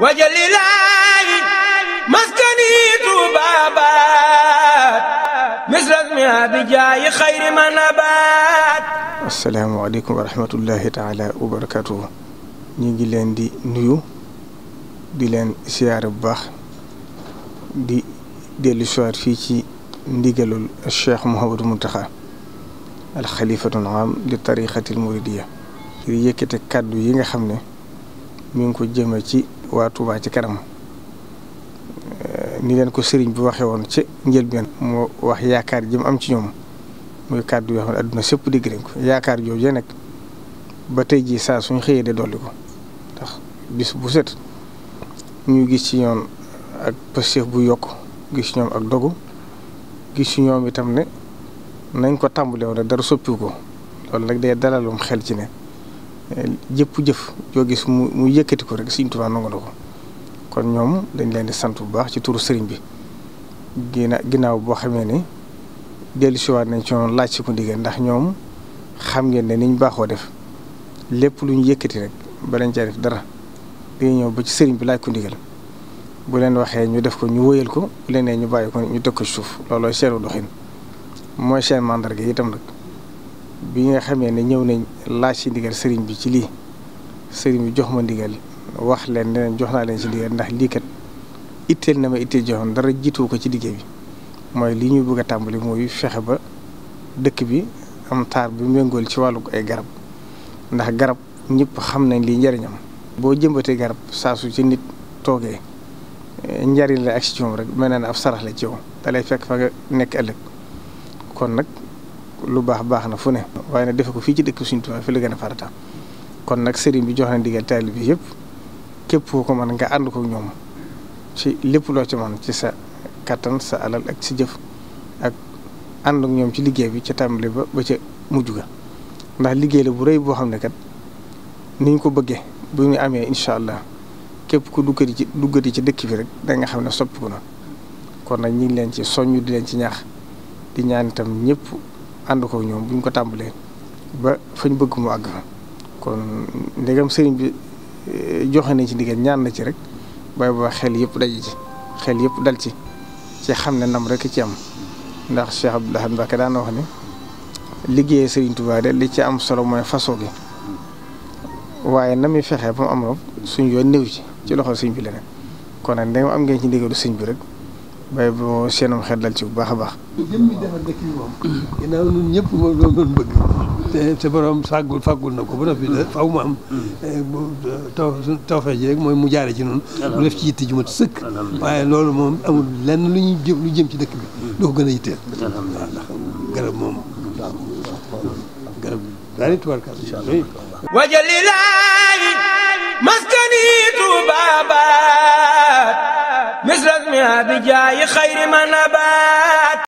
وجلالي مسكني بابا مثلك ما بجاي خير من نبات السلام عليكم ورحمة الله تعالى وبركاته نيجي لين نيو دي لين سيار باخ دي دي لشوار فيكي ندقل الشيخ محمد المنتخى الخليفة العام لطريقة المريدية يكتك كادو ينغ خمني منكو جمعتي waa Touba ci kanam ni leen ko sëriñ bi waxee woon ci njëlbeen moo wax yaakaar ji mu am ci ñoom muy kàddu yoo xam ne adduna sëpp dégg nañ ko yaakaar jooju nag ba tey jii saa suñ xëyee de dolli ko ndax bis bu set ñu gis ci ñoom ak pëstéef bu yokk gis ci ñoom ak dogu gis ci ñoom itam ne nañ ko tàmbalee woon dara soppiwu ko loolu nag day dalaloom xel ci ne jëpp jëf joo gis mu mu yëkkati ko rek Sëriñ Tuubaa nangu na ko kon ñoom dañ leen di sant bu baax ci turu sëriñ bi gina ginnaaw boo xamee ne dellusiwaat nañ ci noonu laaj si ko ndigal ndax ñoom xam ngeen ne ñu baaxoo def lépp lu ñu yëkkati rek ba leen caa def dara dañuy ñëw ba ci sëriñ bi laaj ko ndigal bu leen waxee ñu def ko ñu wóyal ko bu leen ñu bàyyi ko ñu teg ko ci suuf loolooy seeru doxin mooy seen mandarga itam nag. bi nga xamee ne ñëw nañ laaj ci ndigal sëriñ bi ci lii sëriñ bi jox ma ndigal wax leen jox naa leen ci ndigal ndax lii kat itteel na ma itteel joxoon dara jiitu ko ci liggéey bi mooy li ñuy bëgg a tàmbali mooy fexe ba dëkk bi am taar bi méngool ci wàllu ay garab ndax garab ñëpp xam nañ li njariñam boo jëmbatee garab saasu ci nit toogee njariñ la ak ci moom rek mel na ne ab sarax la ci yow dalay fekk fa nga nekk ëllëg kon nag lu baax baax na fu ne waaye nag defe ko fii ci dëkk Sëriñ Tuubaa fi la gën a farata kon nag sëriñ bi jox na digal taalibe bi yëpp képp koo ko mën nga ànd ko ñoom ci lépp loo ci man ci sa kattan sa alal ak si jëf ak ànd ak ñoom ci liggéey bi ca tàmbali ba ba ca mujj ga ndax liggéey la bu rëy boo xam ne kat ni ñu ko bëggee bu ñu amee incha allah képp ku duggati ci duggati ci dëkk bi rek da nga xam ne soppiku na kon nag ñu leen ci soññ di leen ci ñaax di ñaan itam ñëpp. ànd ko ñoom buñ ko tàmbalee ba fañ bëgg mu àgg kon ndegam sëriñ bi eh, joxe nañ ci ndigal ñaan na ci rek bay ba xel yëpp daje ci xel yëpp dal ci ci xam ne nam rek ci am ndax Cheikh Abdoul Ahad Mbacké daan na wax ne liggéeyee sëriñ Tuubaa de li ci am solo mooy façon gi waaye na muy fexee ba mu am suñ yoon néew ci ci loxo sëñ bi leneen kon nag ndegam am ngeen ci ndigalu sëñ bi rek. waaye boo seenam xel dal ci bu baax a baax. jëm moom. ginnaaw ñëpp moom loolu doon bëgg. te te borom sàggul fàggul na ko ba noppi de faaw mu am. taw tawfeex mooy mu jaare ci noonu. mu ci yitte ju mat sëkk. waaye loolu moom amul lenn lu ñuy jëm lu ci dëkk bi. doo ko gën a yitteel. garab moom. waaw garab daal di tubarkaal. incha allah بجاي خير من أبات